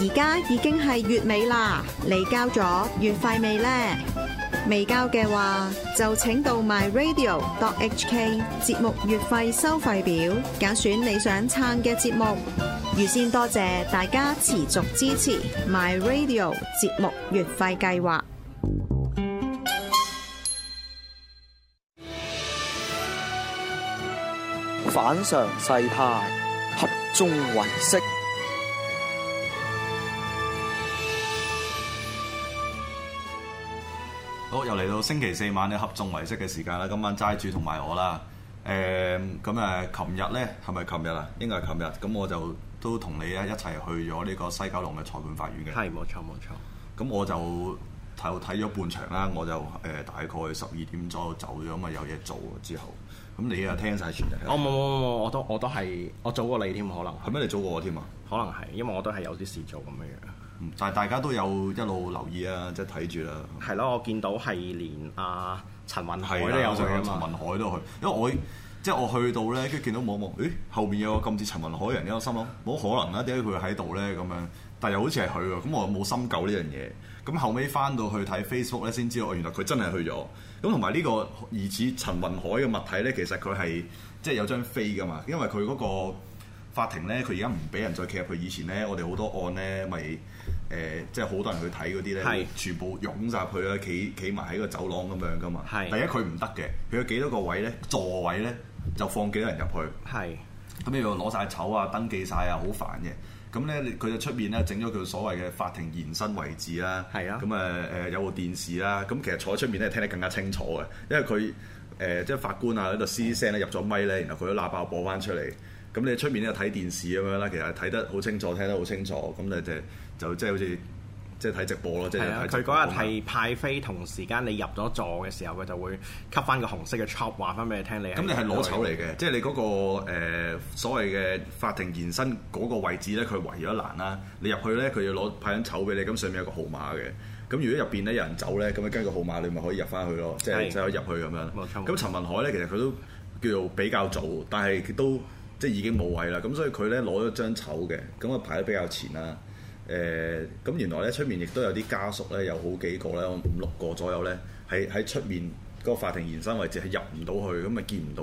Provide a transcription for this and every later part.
而家已經係月尾啦，你交咗月費未呢？未交嘅話，就請到 My Radio dot HK 節目月費收費表，揀選你想撐嘅節目。預先多謝大家持續支持 My Radio 節目月費計劃。反常世派，合眾唯識。好，又嚟到星期四晚嘅合眾唯識嘅時間啦！今晚齋主同埋我啦，誒咁誒，琴日咧係咪琴日啊？應該係琴日。咁、嗯嗯嗯、我就都同你啊一齊去咗呢個西九龍嘅裁判法院嘅。係，冇錯冇錯。咁我就就睇咗半場啦，我就誒、呃、大概十二點左右走咗，咁啊有嘢做之後，咁、嗯嗯嗯、你啊聽晒全日。我冇冇冇，我都我都係我早過你添，可能係咩？你早過我添啊？可能係因為我都係有啲事做咁樣。但係大家都有一路留意啊，即係睇住啦。係咯，我見到係連阿陳雲海都有去啊。陳雲海都有去，有有去因為我、嗯、即係我去到呢，跟住見到望望，誒後面有個咁似陳雲海嘅人，我心諗冇可能啦，點解佢喺度呢？咁樣，但又好似係佢喎，咁我冇深究呢樣嘢。咁後尾返到去睇 Facebook 呢，先知道哦，原來佢真係去咗。咁同埋呢個疑似陳雲海嘅物體呢，其實佢係即係有張飛噶嘛，因為佢嗰個法庭呢，佢而家唔俾人再騎入去。以前呢，我哋好多案呢咪。誒、呃，即係好多人去睇嗰啲咧，是全部湧晒佢啦，企企埋喺個走廊咁樣噶嘛。的第一佢唔得嘅，佢有幾多個位咧？座位咧就放幾多人入去。係咁的，你要攞晒籌啊，登記晒啊，好煩嘅。咁咧，佢就出面咧整咗佢所謂嘅法庭延伸位置啦。係啊的，咁誒誒有部電視啦。咁其實坐喺出面咧聽得更加清楚嘅，因為佢誒、呃、即係法官啊喺度嘶聲咧入咗咪咧，然後佢都喇叭播翻出嚟。咁你出面咧睇電視咁樣啦，其實睇得好清楚，聽得好清楚。咁你誒。就即係好似即係睇直播咯，即係佢嗰日係派飛同時間，你入咗座嘅時候，佢就會吸翻個紅色嘅 chop 話翻俾你聽。你呀，咁你係攞籌嚟嘅，即係你嗰個呃所謂嘅法庭延伸嗰個位置咧，佢圍咗一欄啦。你入去咧，佢要攞派緊籌俾你，咁上面有個號碼嘅。咁如果入邊咧有人走咧，咁樣跟一個號碼你咪可以入翻去咯，即係就可以入去咁、就是、的樣。咁錯陳文海咧，其實佢都叫做比較早，但係佢都即係已經冇位啦。咁所以佢咧攞咗張籌嘅，咁啊排得比較前啦。誒咁、呃、原來咧出面亦都有啲家屬咧，有好幾個咧，五六個左右咧，喺喺出面個法庭延伸位置，係入唔到去，咁咪見唔到，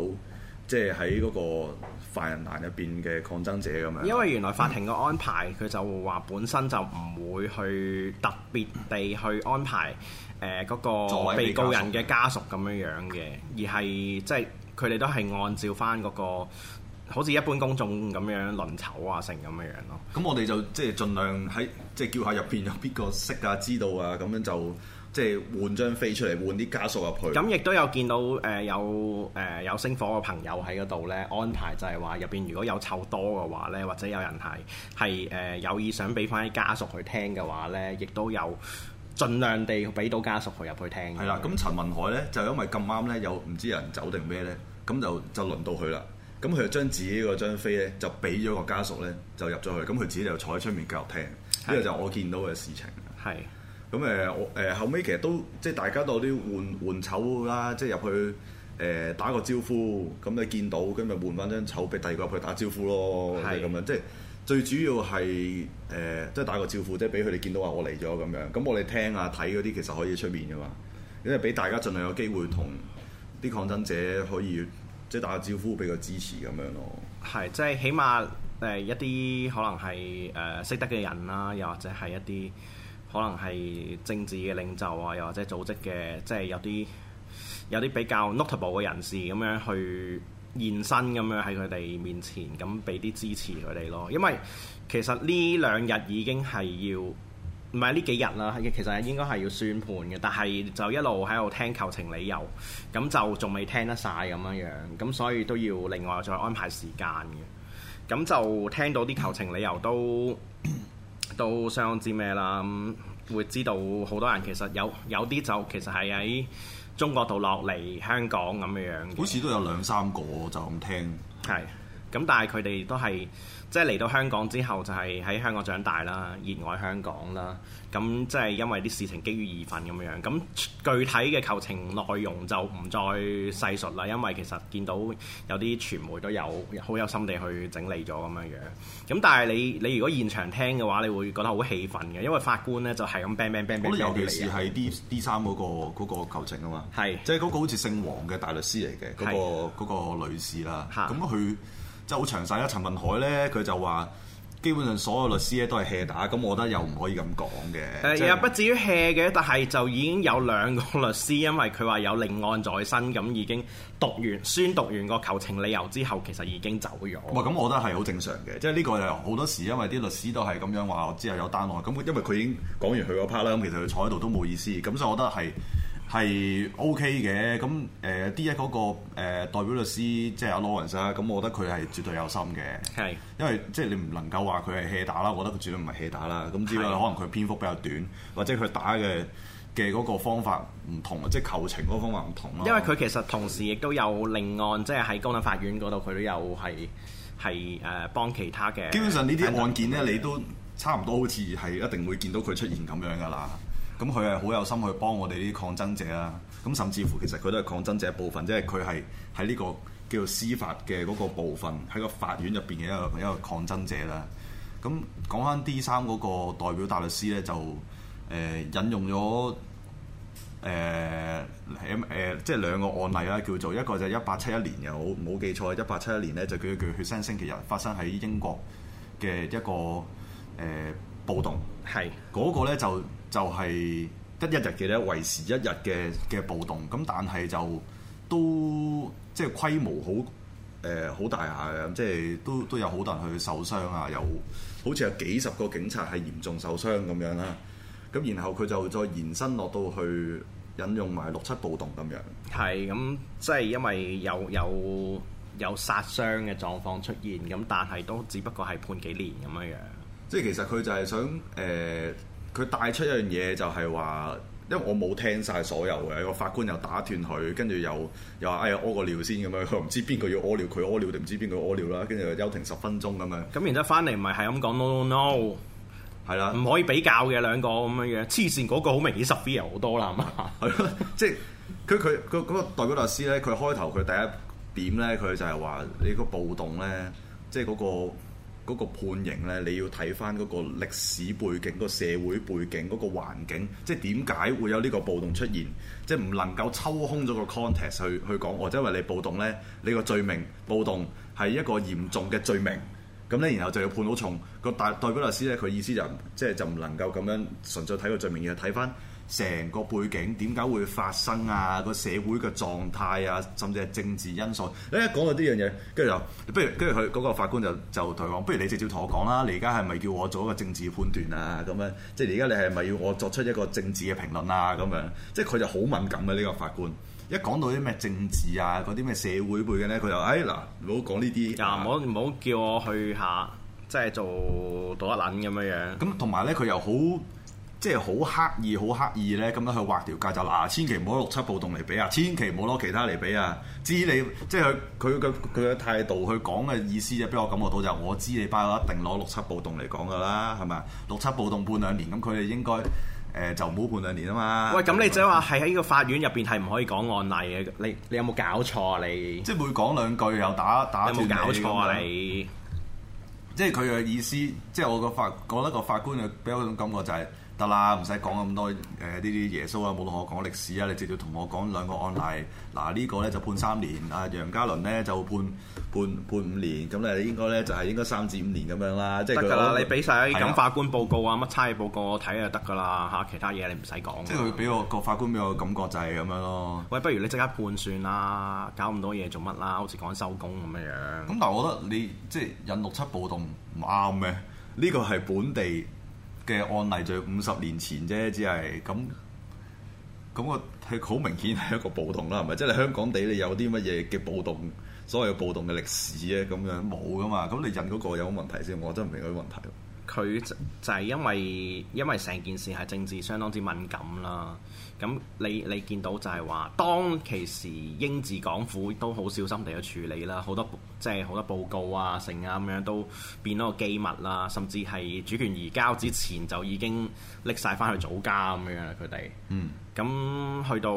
即係喺嗰個犯人欄入邊嘅抗爭者咁樣。因為原來法庭個安排佢、嗯、就話本身就唔會去特別地去安排誒嗰、呃嗰個被告人嘅家屬咁樣樣嘅，而係即係佢哋都係按照翻、嗰、嗰個。好似一般公眾咁樣輪籌啊，成咁嘅樣咯。咁我哋就即係、就是、盡量喺即係叫下入邊有邊個識啊、知道啊，咁樣就即係、就是、換張飛出嚟換啲家屬入去。咁亦都有見到誒、呃、有誒、呃、有星火嘅朋友喺嗰度咧，安排就係話入邊如果有湊多嘅話咧，或者有人係係誒有意想俾翻啲家屬去聽嘅話咧，亦都有盡量地俾到家屬去入去聽。係啦，咁陳文海咧就因為咁啱咧，有唔知有人走定咩咧，咁就就輪到佢啦。咁佢就將自己嗰張飛咧，就俾咗個家屬咧，就入咗去。咁佢自己就坐喺出面繼續聽。呢個就我見到嘅事情。係。咁誒，我誒、呃、後尾其實都即係大家都有啲換換籌啦，即係入去誒、呃、打個招呼，咁你見到，跟住換翻張籌俾第二個去打招呼咯，係咁是的 樣。即係最主要係誒、呃，即係打個招呼，即係俾佢哋見到話我嚟咗咁樣。咁我哋聽啊睇嗰啲其實可以出面㗎嘛，因為俾大家盡量有機會同啲抗爭者可以。即打個招呼俾個支持咁樣咯，係即係起碼誒一啲可能係誒、呃、識得嘅人啦，又或者係一啲可能係政治嘅領袖啊，又或者組織嘅即係有啲有啲比較 notable 嘅人士咁樣去現身咁樣，喺佢哋面前咁俾啲支持佢哋咯，因為其實呢兩日已經係要。唔係呢幾日啦，其實應該係要宣判嘅，但係就一路喺度聽求情理由，咁就仲未聽得晒咁樣樣，咁所以都要另外再安排時間嘅。咁就聽到啲求情理由都 都相當之咩啦，會知道好多人其實有有啲就其實係喺中國度落嚟香港咁樣樣。好似都有兩三個就咁聽，係咁，但係佢哋都係。即係嚟到香港之後，就係喺香港長大啦，熱愛香港啦。咁即係因為啲事情激於義憤咁樣樣。咁具體嘅求情內容就唔再細述啦，因為其實見到有啲傳媒都有好有心地去整理咗咁樣樣。咁但係你你如果現場聽嘅話，你會覺得好氣憤嘅，因為法官咧就係咁 bang bang bang bang。尤其是係 D D 三嗰個嗰個求情啊嘛。係是。即係嗰個好似姓黃嘅大律師嚟嘅嗰個嗰個女士啦。嚇。咁佢。即係好詳細，陳文海呢，佢就話基本上所有律師咧都係 hea 打，咁我覺得又唔可以咁講嘅。誒，又不至於 hea 嘅，但係就已經有兩個律師，因為佢話有另案在身，咁已經讀完宣讀完個求情理由之後，其實已經走咗。唔係，咁我覺得係好正常嘅，即係呢個又好多時，因為啲律師都係咁樣話，之後有單案，咁因為佢已經講完佢嗰 part 啦，咁其實佢坐喺度都冇意思，咁所以我覺得係。係 OK 嘅，咁誒 D1 嗰個代表律師即係阿 Lawrence 啦，咁、就是、我覺得佢係絕對有心嘅。係是，因為即係、就是、你唔能夠話佢係 hea 打啦，我覺得佢絕對唔係 hea 打啦。咁之外，是可能佢篇幅比較短，或者佢打嘅嘅嗰個方法唔同啊，即、就、係、是、求情嗰個方法唔同咯。因為佢其實同時亦都有另案，是即係喺高等法院嗰度，佢都有係係誒幫其他嘅。基本上呢啲案件咧，你都差唔多好似係一定會見到佢出現咁樣㗎啦。咁佢係好有心去幫我哋啲抗爭者啦。咁甚至乎其實佢都係抗爭者部分，即係佢係喺呢個叫做司法嘅嗰個部分喺個法院入邊嘅一個一個抗爭者啦。咁講翻 D 三嗰個代表大律師咧，就誒、呃、引用咗誒喺誒即係兩個案例啦，叫做一個就一八七一年又好冇記錯，一八七一年咧就叫做血腥星，星期日發生喺英國嘅一個誒、呃、暴動，係嗰是個咧就。就係得一日嘅咧，維持一日嘅嘅暴動。咁但係就都即係、就是、規模好誒好大下嘅，即、就、係、是、都都有好多人去受傷啊，有好似有幾十個警察係嚴重受傷咁樣啦。咁然後佢就再延伸落到去引用埋六七暴動咁樣。係咁，即係因為有有有殺傷嘅狀況出現咁，但係都只不過係判幾年咁樣。即係其實佢就係想誒。呃佢帶出一樣嘢就係話，因為我冇聽晒所有嘅，個法官又打斷佢，跟住又又話：哎呀，屙個尿先咁樣。佢唔知邊個要屙尿，佢屙尿定唔知邊個屙尿啦。跟住休庭十分鐘咁樣。咁然之後翻嚟唔係係咁講 no no，no 係啦的，唔可以比較嘅兩個咁樣嘅。黐線嗰個好明顯十倍又好多啦，係咯的，即係佢佢佢個代表律師咧，佢開頭佢第一點咧，佢就係話：你個暴動咧，即係嗰個。嗰個判刑呢，你要睇翻嗰個歷史背景、嗰個社會背景、嗰個環境，即係點解會有呢個暴動出現？即係唔能夠抽空咗個 context 去去講，或者因為你暴動呢，你個罪名暴動係一個嚴重嘅罪名，咁呢，然後就要判到重。嗰個大代表律師呢，佢意思就係、即係就唔能夠咁樣純粹睇個罪名，而係睇翻。成個背景點解會發生啊？個社會嘅狀態啊，甚至係政治因素。你一講到呢樣嘢，跟住就，不如跟住佢嗰個法官就就同佢講，不如你直接同我講啦。嗯、你而家係咪叫我做一個政治判斷啊？咁樣即係而家你係咪要我作出一個政治嘅評論啊？咁樣、嗯、即係佢就好敏感嘅呢個法官。一講到啲咩政治啊，嗰啲咩社會背景咧，佢就誒嗱，唔好講呢啲，嗱，唔好唔好叫我去下即係做倒一撚咁樣樣。咁同埋咧，佢又好。即係好刻意、好刻意咧，咁樣去畫條界就嗱、啊，千祈唔好攞六七暴動嚟比啊，千祈唔好攞其他嚟比啊。知你即係佢佢嘅佢嘅態度，去講嘅意思就俾我感覺到就係、是、我知你擺話一定攞六七暴動嚟講㗎啦，係咪？六七暴動判兩年，咁佢哋應該誒、呃、就唔好判兩年啊嘛。喂，咁對你即係話係喺呢個法院入邊係唔可以講案例嘅？你你有冇搞錯啊？你即係每講兩句又打打斷你，有冇搞錯啊？你即係佢嘅意思，即係我個法覺得個法官嘅俾我一種感覺就係。得啦，唔使講咁多誒呢啲耶穌啊，冇同我講歷史啊，你直接同我講兩個案例。嗱、這個、呢個咧就判三年，阿楊家麟咧就判判判五年，咁咧應該咧就係、是、應該三至五年咁樣啦。即係得啦，都你俾晒啲法官報告啊，乜差異報告我睇就得㗎啦嚇，其他嘢你唔使講。即係佢俾我個法官俾我感覺就係咁樣咯。喂，不如你即刻判算啦，搞咁多嘢做乜啦？好似講收工咁樣。咁但，我覺得你即係引六七暴動唔啱嘅，呢個係本地。嘅案例就五十年前啫，只係咁咁，個係好明顯係一個暴動啦，係咪？即係香港地你有啲乜嘢嘅暴動，所謂嘅暴動嘅歷史咧，咁樣冇噶嘛？咁你引嗰個有乜問題先，我真係唔明有啲問題。佢就係因為因為成件事係政治相當之敏感啦。咁你你見到就係話，當其時英治港府都好小心地去處理啦，好多即係好多報告啊、成啊咁樣都變咗個機密啦。甚至係主權移交之前就已經拎晒翻去祖家咁樣啦，佢哋。嗯。咁去到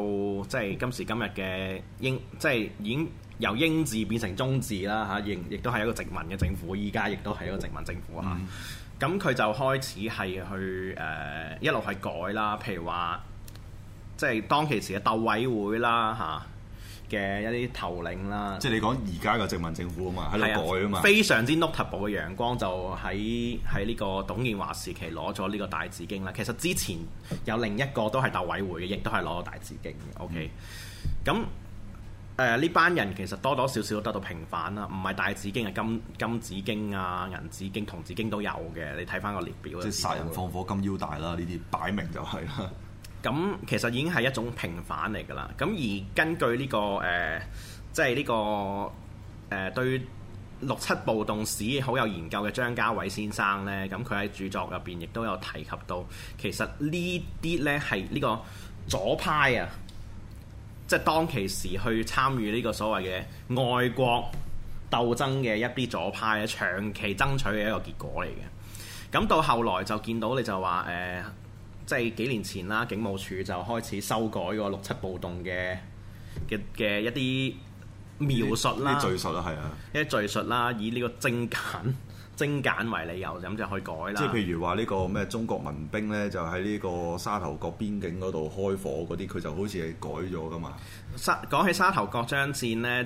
即係今時今日嘅英，即係已經由英治變成中治啦嚇、啊，亦亦都係一個殖民嘅政府，依家亦都係一個殖民政府啊。哦嗯。咁佢就開始係去誒、呃、一路係改啦，譬如話，即係當其時嘅鬥委會啦嚇嘅、啊、一啲頭領啦。即係你講而家嘅殖民政府啊嘛，喺度改啊嘛。非常之 notable 嘅陽光就喺喺呢個董建華時期攞咗呢個大紫荊啦。其實之前有另一個都係鬥委會嘅，亦都係攞咗大紫荊嘅。嗯、OK，咁。誒呢、呃、班人其實多多少少都得到平反啦，唔係大紫荊啊，金金紫荊啊、銀紫荊、銅紫荊都有嘅。你睇翻個列表，即係殺人放火金腰帶啦，呢啲擺明就係啦。咁、嗯、其實已經係一種平反嚟㗎啦。咁而根據呢、這個誒、呃，即係呢、這個誒、呃、對六七暴動史好有研究嘅張家偉先生呢，咁佢喺著作入邊亦都有提及到，其實呢啲呢係呢個左派啊。即係當其時去參與呢個所謂嘅外國鬥爭嘅一啲左派咧，長期爭取嘅一個結果嚟嘅。咁到後來就見到你就話誒、呃，即係幾年前啦，警務處就開始修改個六七暴動嘅嘅嘅一啲描述啦，啲敘述啦係啊，啲敘述啦，以呢、呢個精簡精簡為理由，咁就去改啦。即係譬如話呢個咩中國民兵呢，就喺呢個沙頭角邊境嗰度開火嗰啲，佢就好似係改咗噶嘛。沙講起沙頭角槍戰呢，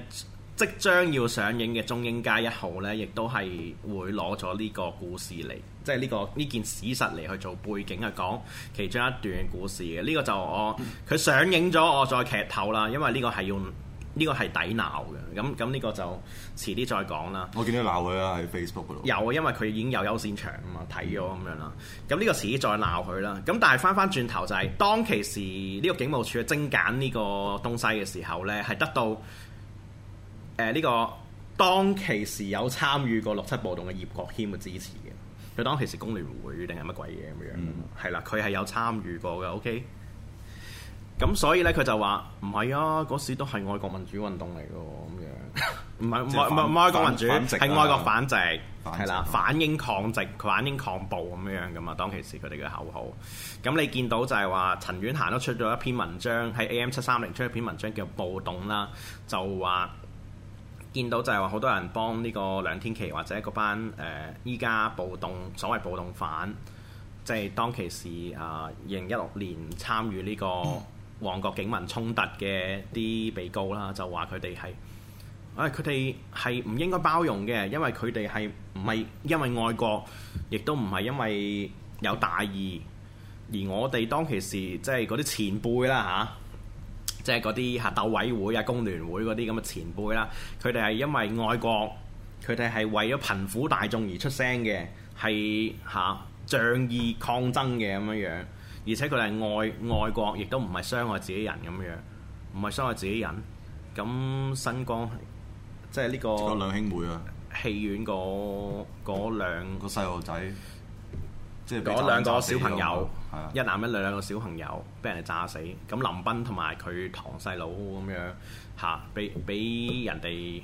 即將要上映嘅《中英街一號》呢，亦都係會攞咗呢個故事嚟， 即係呢、呢個呢件史實嚟去做背景去講其中一段故事嘅。呢、呢個就我佢上映咗，我再劇透啦，因為呢個係用。呢個係抵鬧嘅，咁咁呢個就遲啲再講啦。我見到鬧佢啦喺 Facebook 度。有，因為佢已經有優先場啊嘛，睇咗咁樣啦。咁呢、嗯、個遲啲再鬧佢啦。咁但係翻翻轉頭就係、是、當其時呢個警務處去精簡呢個東西嘅時候呢，係得到誒呢、呃這個當其時有參與過六七暴動嘅葉國謙嘅支持嘅。佢當其時工聯會定係乜鬼嘢咁樣？嗯，係啦，佢係有參與過嘅。OK。咁所以咧，佢就話唔係啊，嗰時都係愛國民主運動嚟嘅咁樣，唔係外唔係愛國民主，係、啊、愛國反殖，係啦正，反英抗殖，佢反英抗暴咁樣噶嘛。當其時佢哋嘅口號。咁你見到就係話，陳婉嫻都出咗一篇文章喺 A M 七三零出一篇文章叫暴動啦，就話見到就係話好多人幫呢個兩天旗或者嗰班誒依家暴動所謂暴動犯，即、就、係、是、當其時啊，二零一六年參與呢、這個。旺角警民衝突嘅啲被告啦，就話佢哋係，誒佢哋係唔應該包容嘅，因為佢哋係唔係因為愛國，亦都唔係因為有大義，而我哋當其時即係嗰啲前輩啦嚇，即係嗰啲嚇鬥委會啊工聯會嗰啲咁嘅前輩啦，佢哋係因為愛國，佢哋係為咗貧苦大眾而出聲嘅，係嚇、啊、仗義抗爭嘅咁樣樣。而且佢哋係愛愛國，亦都唔係傷害自己人咁樣，唔係傷害自己人。咁新光即係呢、呢個、個兩兄妹啊，戲院嗰嗰兩個細路仔，即係嗰兩個小朋友，一男一女兩個小朋友，俾人哋炸死。咁林彬同埋佢堂細佬咁樣吓，俾俾人哋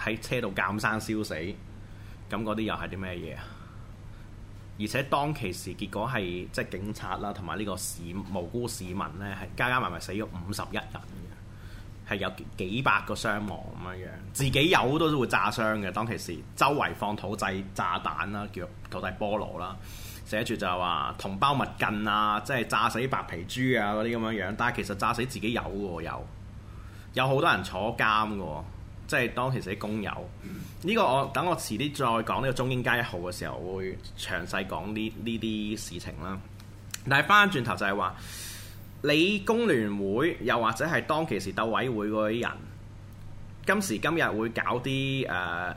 喺車度鑑生燒死。咁嗰啲又係啲咩嘢啊？而且當其時結果係即係警察啦，同埋呢個市無辜市民呢，係加加埋埋死咗五十一人嘅，係有幾，幾百個傷亡咁樣樣，自己有都都會炸傷嘅。當其時周圍放土製炸彈啦，叫土製菠蘿啦，寫住就係話同胞勿近啊，即係炸死白皮豬啊嗰啲咁樣樣，但係其實炸死自己有嘅，有有好多人坐監嘅、喔。即係當其實啲工友呢、這個我，我等我遲啲再講呢、這個中英街一號嘅時候，會詳細講呢呢啲事情啦。但係翻轉頭就係、是、話，你工聯會又或者係當其時鬥委會嗰啲人，今時今日會搞啲誒，即、呃、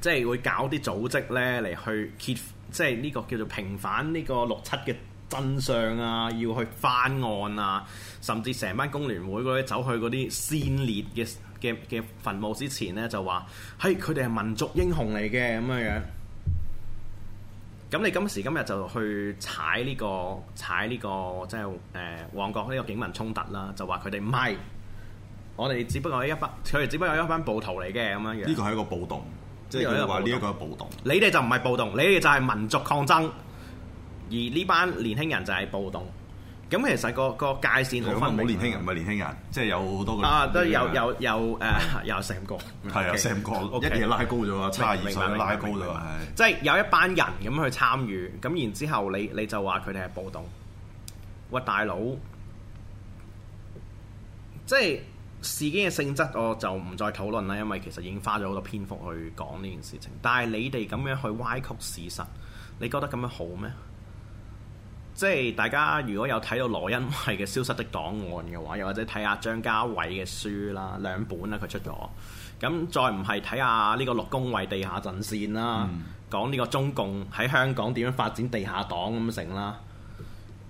係、就是、會搞啲組織呢嚟去揭，即係呢個叫做平反呢個六七嘅真相啊，要去翻案啊，甚至成班工聯會嗰啲走去嗰啲先烈嘅。嘅嘅墳墓之前咧就話，係佢哋係民族英雄嚟嘅咁樣樣。咁你今時今日就去踩呢個踩呢個即係誒旺角呢個警民衝突啦，就話佢哋唔係，我哋只不過係一班佢哋只不過係一班暴徒嚟嘅咁樣樣。呢個係一個暴動，暴動即係佢話呢個係暴，暴動。你哋就唔係暴動，你哋就係民族抗爭，而呢班年輕人就係暴動。咁其實個個界線好可能冇年輕人唔係年輕人，即係有好多個啊，都有有有誒，有成、呃 okay, okay，個，係啊，成個，一嘢拉高咗，差二十拉高咗啊，即係有一班人咁去參與，咁然後之後你你就話佢哋係暴動，喂大佬，即係事件嘅性質，我就唔再討論啦，因為其實已經花咗好多篇幅去講呢件事情，但係你哋咁樣去歪曲事實，你覺得咁樣好咩？即係大家如果有睇到羅恩惠嘅《消失的檔案》嘅話，又或者睇下張家偉嘅書啦，兩本啦佢出咗。咁再唔係睇下呢個陸恭蕙地下陣線啦，講呢、嗯、個中共喺香港點樣發展地下黨咁成啦。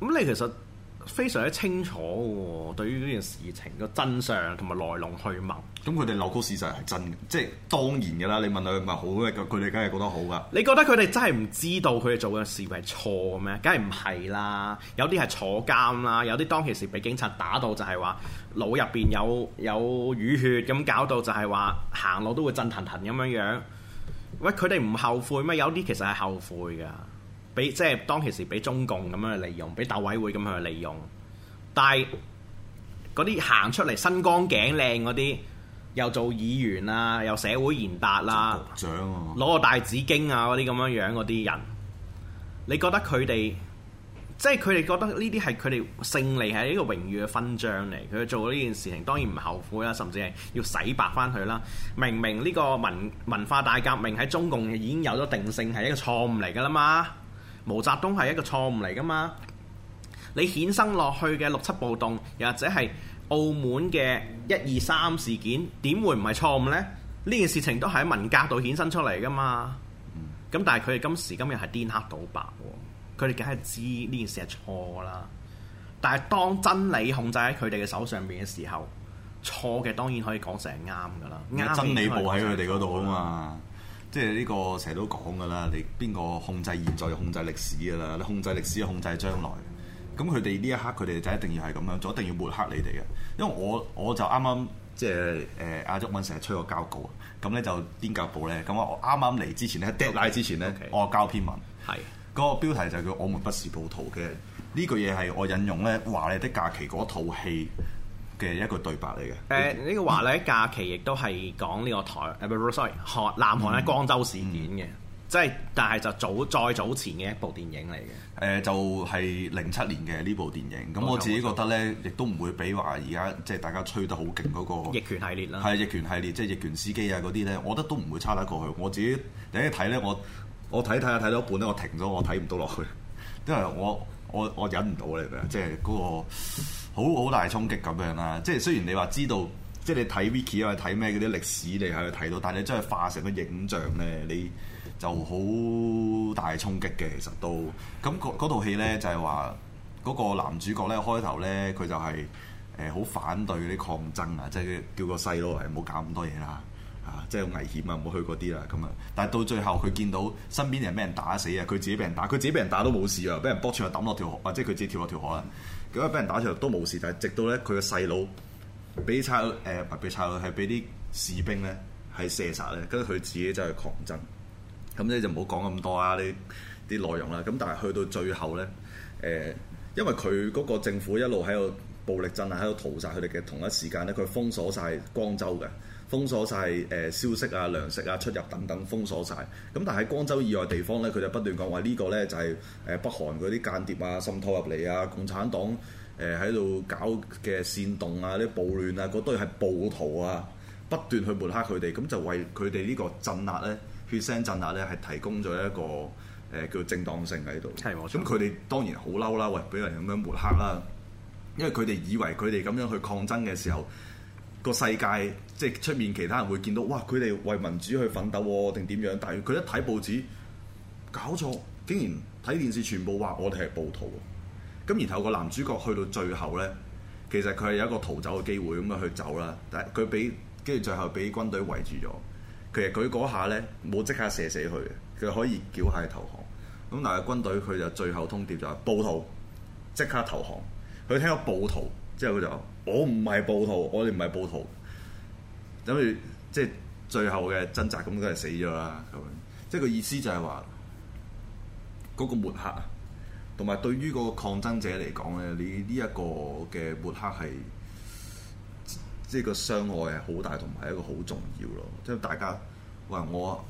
咁你其實～非常之清楚喎、哦，對於呢件事情個真相同埋來龍去脈。咁佢哋扭曲事實係真嘅，即係當然嘅啦。你問佢咪好咧，佢哋梗係覺得好㗎。你覺得佢哋真係唔知道佢哋做嘅事係錯咩？梗係唔係啦。有啲係坐監啦，有啲當其時俾警察打到就係話腦入邊有有淤血，咁搞到就係話行路都會震騰騰咁樣樣。喂，佢哋唔後悔咩？有啲其實係後悔㗎。俾即係當其時，俾中共咁樣去利用，俾鬥委會咁樣去利用。但係嗰啲行出嚟，新光頸靚身光頸靚嗰啲，又做議員啦、啊，又社會賢達啦、啊，攞、啊、個大紫荊啊嗰啲咁樣樣嗰啲人，你覺得佢哋即係佢哋覺得呢啲係佢哋勝利係一個榮譽嘅勛章嚟。佢做呢件事情，當然唔後悔啦、啊，甚至係要洗白翻佢啦。明明呢個文文化大革命喺中共已經有咗定性係一個錯誤嚟㗎啦嘛。毛澤東係一個錯誤嚟噶嘛。你衍生落去嘅六七暴動，又或者係澳門嘅一二三事件，點會唔係錯誤呢？呢件事情都係喺文革度衍生出嚟噶嘛。咁但係佢哋今時今日係顛黑倒白喎，佢哋梗係知呢件事係錯啦。但係當真理控制喺佢哋嘅手上邊嘅時候，錯嘅當然可以講成係啱噶啦。而家，真理部喺佢哋嗰度啊嘛。即係呢個成日都講㗎啦，你邊個控制現在就控制歷史㗎啦，你控制歷史就控制將來。咁佢哋呢一刻佢哋就一定要係咁樣，就一定要抹黑你哋嘅。因為我我就啱啱即係誒、呃、阿祝文成日吹個膠稿，啊，咁咧就編教報咧咁啊。我啱啱嚟之前咧，deadline、嗯嗯、之前咧，Okay. 我交篇文係嗰是個標題就叫《我們不是暴徒》嘅呢句嘢係我引用咧華麗的假期嗰套戲。嘅一個對白嚟嘅。誒呢、呃這個華麗的假期亦都係講呢個台誒唔好意思，韓南韓咧江州市片嘅，即係但係就是、早再早前嘅一部電影嚟嘅。誒、呃、就係零七年嘅呢部電影。咁我自己覺得咧，亦都唔會比話而家即係大家吹得好勁嗰個。逆權系列啦。係逆權系列，即係逆權司機啊嗰啲咧，我覺得都唔會差得過去。我自己第一睇咧，我我睇睇下睇到一半咧，我停咗，我睇唔到落去，因為我我我,我忍唔到嚟㗎，即係嗰個。好好大衝擊咁樣啦，即係雖然你話知道，即係你睇 Wiki 啊睇咩嗰啲歷史你喺度睇到，但係你真係化成個影像咧，你就好大衝擊嘅。其實都咁嗰套戲咧，就係話嗰個男主角咧，開頭咧佢就係誒好反對啲抗爭啊，即係叫個細佬唔好搞咁多嘢啦，啊即係好危險啊，唔好去嗰啲啦咁啊。但係到最後佢見到身邊人咩人打死啊，佢自己被人打，佢自己被人打都冇事啊，俾人搏槍啊，抌落條河，或者佢自己跳落條河啊。如果俾人打出嚟都冇事，但係直到咧佢個細佬俾抄誒，唔係俾抄係俾啲士兵咧係射殺咧，跟住佢自己就係抗爭。咁咧就唔好講咁多啊呢啲內容啦。咁但係去到最後咧誒、呃，因為佢嗰個政府一路喺度。暴力鎮壓啊，喺度屠殺佢哋嘅同一時間咧，佢封鎖晒光州嘅，封鎖晒誒消息啊、糧食啊、出入等等，封鎖晒，咁但係喺光州以外地方咧，佢就不斷講話呢個咧就係誒北韓嗰啲間諜啊滲透入嚟啊，共產黨誒喺度搞嘅煽動啊、啲暴亂啊，個都係暴徒啊，不斷去抹黑佢哋，咁就為佢哋呢個鎮壓咧、血腥鎮壓咧係提供咗一個誒叫正當性喺度。係喎，咁佢哋當然好嬲啦，喂，俾人咁樣抹黑啦！因為佢哋以為佢哋咁樣去抗爭嘅時候，個世界即係出面其他人會見到，哇！佢哋為民主去奮鬥定點樣？但係佢一睇報紙，搞錯，竟然睇電視全部話我哋係暴徒。咁然後個男主角去到最後呢，其實佢係有一個逃走嘅機會咁樣去走啦。但係佢俾跟住最後俾軍隊圍住咗。其實佢嗰下呢冇即刻射死佢，佢可以繳械投降。咁但係，軍隊佢就最後通牒就係暴徒，即刻投降。佢聽到暴徒，之後佢就話我唔係暴徒，我哋唔係暴徒，等於即係最後嘅掙扎，咁梗係死咗啦。咁即係個意思就係、是、話，嗰、那個抹黑，同埋對於個抗爭者嚟講咧，你呢、這個、一個嘅抹黑係，即係個傷害係好大，同埋一個好重要咯。即係大家，話，我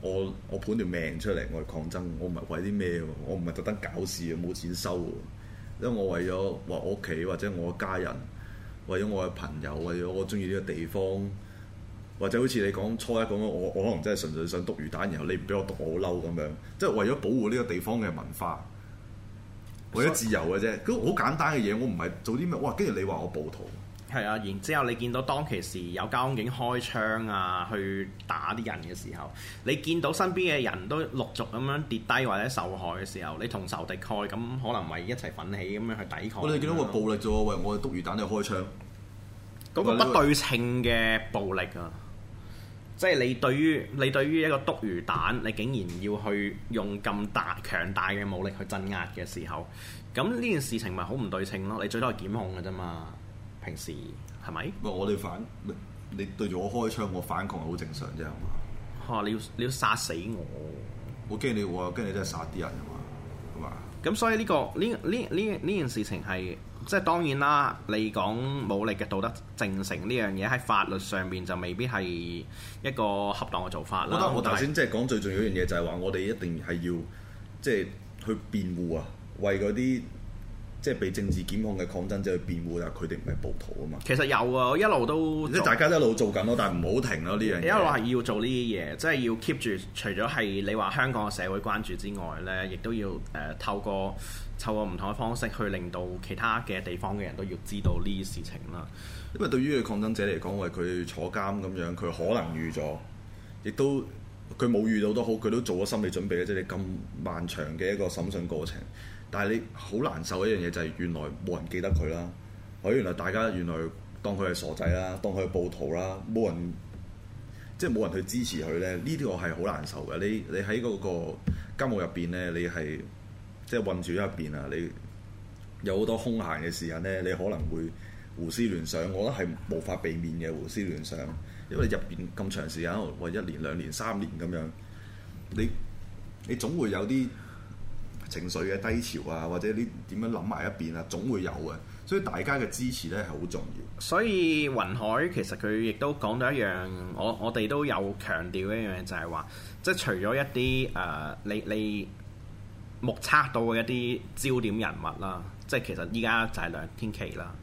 我我判條命出嚟，我哋抗爭，我唔係為啲咩，我唔係特登搞事，冇錢收。因為我為咗話我屋企或者我家人，為咗我嘅朋友，為咗我中意呢個地方，或者好似你講初一咁樣，我我可能真係純粹想篤魚蛋，然後你唔俾我篤，我好嬲咁樣，即係為咗保護呢個地方嘅文化，為咗自由嘅啫，都好簡單嘅嘢，我唔係做啲咩，哇！跟住你話我暴徒。係啊，然之後你見到當其時有交通警開槍啊，去打啲人嘅時候，你見到身邊嘅人都陸續咁樣跌低或者受害嘅時候，你同仇敵愾咁可能咪一齊奮起咁樣去抵抗。我哋見到個暴力啫喎，喂，我哋篤魚蛋，你開槍。嗰個不對稱嘅暴力啊，即係你對於你對於一個篤魚蛋，你竟然要去用咁大強大嘅武力去鎮壓嘅時候，咁呢件事情咪好唔對稱咯？你最多係檢控㗎啫嘛。平時係咪？唔係我哋反，你對住我開槍，我反抗係好正常啫，係嘛？嚇、啊！你要你要殺死我？我驚你，我驚你真係殺啲人啊嘛，係嘛？咁所以呢、呢個呢呢呢呢件事情係即係當然啦。你講武力嘅道德正誠呢樣嘢喺法律上邊就未必係一個恰當嘅做法。我覺得我頭先即係講最重要一樣嘢就係話，我哋一定係要即係去辯護啊，為嗰啲。即係被政治檢控嘅抗爭者去辯護啊！佢哋唔係暴徒啊嘛。其實有啊，我一路都即大家都一路做緊咯，但係唔好停咯呢樣嘢。一路係要做呢啲嘢即係要 keep 住。除咗係你話香港嘅社會關注之外咧，亦都要誒、呃、透過透過唔同嘅方式去令到其他嘅地方嘅人都要知道呢啲事情啦。因為對於個抗爭者嚟講，為佢坐監咁樣，佢可能預咗，亦都佢冇預到都好，佢都做咗心理準備咧。即係你咁漫長嘅一個審訊過程。但係你好難受一樣嘢就係原來冇人記得佢啦，我原來大家原來當佢係傻仔啦，當佢係暴徒啦，冇人即係冇人去支持佢咧。呢啲我係好難受嘅。你你喺嗰個監獄入邊咧，你係即係困住咗入邊啊！你有好多空閒嘅時間咧，你可能會胡思亂想。我覺得係無法避免嘅胡思亂想，因為你入邊咁長時間，或一年、兩年、三年咁樣，你你總會有啲。情緒嘅低潮啊，或者你點樣諗埋一邊啊，總會有嘅。所以大家嘅支持咧，係好重要。所以雲海其實佢亦都講到一樣，我我哋都有強調一樣嘢，就係話即係除咗一啲誒、呃，你你目測到嘅一啲焦點人物啦，即係其實依家就係梁天琦啦，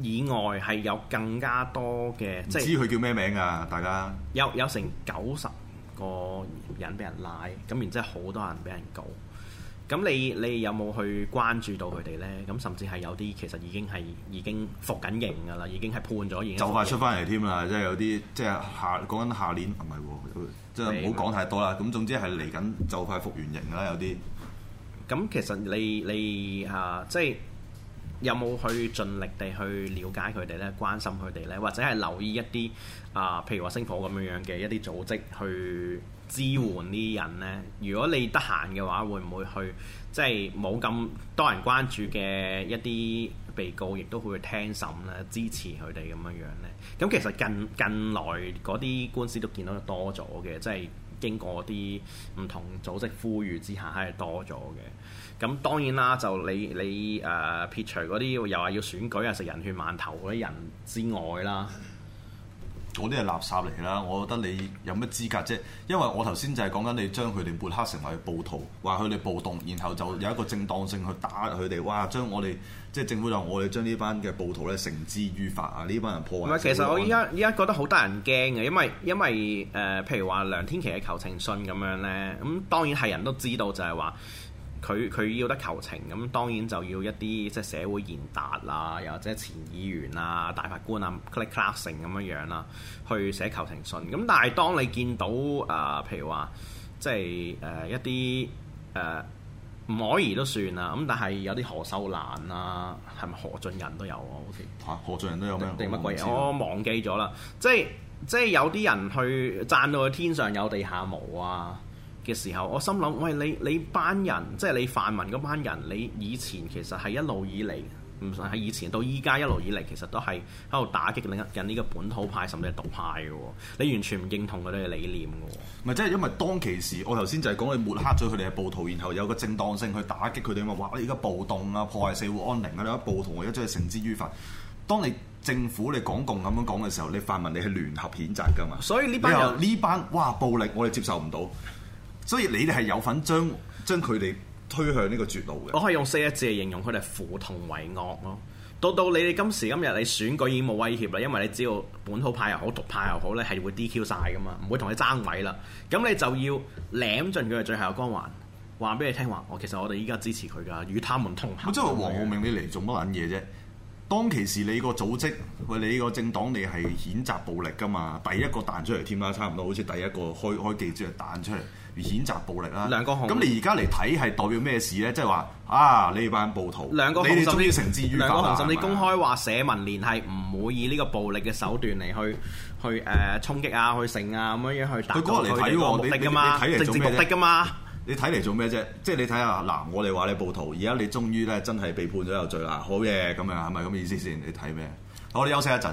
以外，係有更加多嘅。即唔知佢叫咩名啊，大家有有成九十個人俾人拉咁，然之後好多人俾人告。咁你你有冇去關注到佢哋呢？咁甚至係有啲其實已經係已經服緊刑㗎啦，已經係判咗刑。就快出翻嚟添啦，即係有啲即係下講緊下年，唔係喎，即係唔好講太多啦。咁係總之係嚟緊就快服完刑啦，有啲。咁其實你你啊，即係有冇去盡力地去了解佢哋呢？關心佢哋呢？或者係留意一啲啊，譬如話星火咁樣樣嘅一啲組織去。支援呢人呢，如果你得閒嘅話，會唔會去，即係冇咁多人關注嘅一啲被告，亦都會去聽審咧，支持佢哋咁樣樣咧？咁其實近近來嗰啲官司都見到多咗嘅，即係經過啲唔同組織呼籲之下，係多咗嘅。咁當然啦，就你你誒、呃、撇除嗰啲又話要選舉啊、食人血饅頭嗰啲人之外啦。嗰啲係垃圾嚟啦！我覺得你有乜資格啫？因為我頭先就係講緊你將佢哋抹黑成為暴徒，話佢哋暴動，然後就有一個正當性去打佢哋。哇！將我哋即係政府就我哋將呢班嘅暴徒咧，繩之於法啊！呢班人破壞唔係其實我依家依家覺得好得人驚嘅，因為因為誒、呃，譬如話梁天琦嘅求情信咁樣咧，咁當然係人都知道就係話。佢佢要得求情，咁當然就要一啲即係社會賢達啊，又或者前議員啊、大法官啊，click click 咁樣樣啦，去寫求情信。咁但係當你見到誒、呃，譬如話即係誒、呃、一啲誒唔可以都算啦。咁但係有啲何秀蘭啊，係咪何俊仁都有喎、啊？好似吓、啊、何俊仁都有咩？定乜鬼嘢？我，我忘記咗啦。即係即係有啲人去讚到佢天上有地下冇啊！嘅時候，我心諗：喂，你你班人，即係你泛民嗰班人，你以前其實係一路以嚟，唔信喺以前到依家一路以嚟，其實都係喺度打擊另一緊呢個本土派，甚至係獨派嘅喎。你完全唔認同佢哋嘅理念嘅喎。唔係，即係因為當其時，我頭先就係講你抹黑咗佢哋係暴徒，然後有個正當性去打擊佢哋，話哇！而家暴動啊，破壞社會安寧啊，你家暴徒我而家將佢繩之於法。當你政府你港共咁樣講嘅時候，你泛民你係聯合譴責㗎嘛？所以呢班人呢班哇暴力，我哋接受唔到。所以你哋係有份將將佢哋推向呢個絕路嘅。我可以用四個字嚟形容佢哋：扶同為惡咯。到到你哋今時今日，你選舉已經冇威脅啦，因為你知道本土派又好，獨派又好咧，係會 DQ 晒噶嘛，唔會同你爭位啦。咁你就要舐盡佢嘅最後光環，話俾你聽話。我其實我哋依家支持佢噶，與他們同行。咁即係黃浩明，你嚟做乜撚嘢啫？當其時你個組織，或你呢個政黨，你係譴責暴力噶嘛？第一個彈出嚟，添啦，差唔多好似第一個開開記者彈出嚟。譴責暴力啦！咁你而家嚟睇係代表咩事咧？即係話啊，呢班暴徒，兩個你哋終於繩之於法，你公開話社民連係唔會以呢個暴力嘅手段嚟去 去誒、呃、衝擊啊，去成啊咁樣樣去達的的。佢嗰日嚟睇我，你嘛，睇嚟直接目的㗎嘛？你睇嚟做咩啫？即係你睇下嗱，我哋話你暴徒，而家你終於咧真係被判咗有罪啦！好嘢咁樣係咪咁嘅意思先？你睇咩？我哋休息一陣。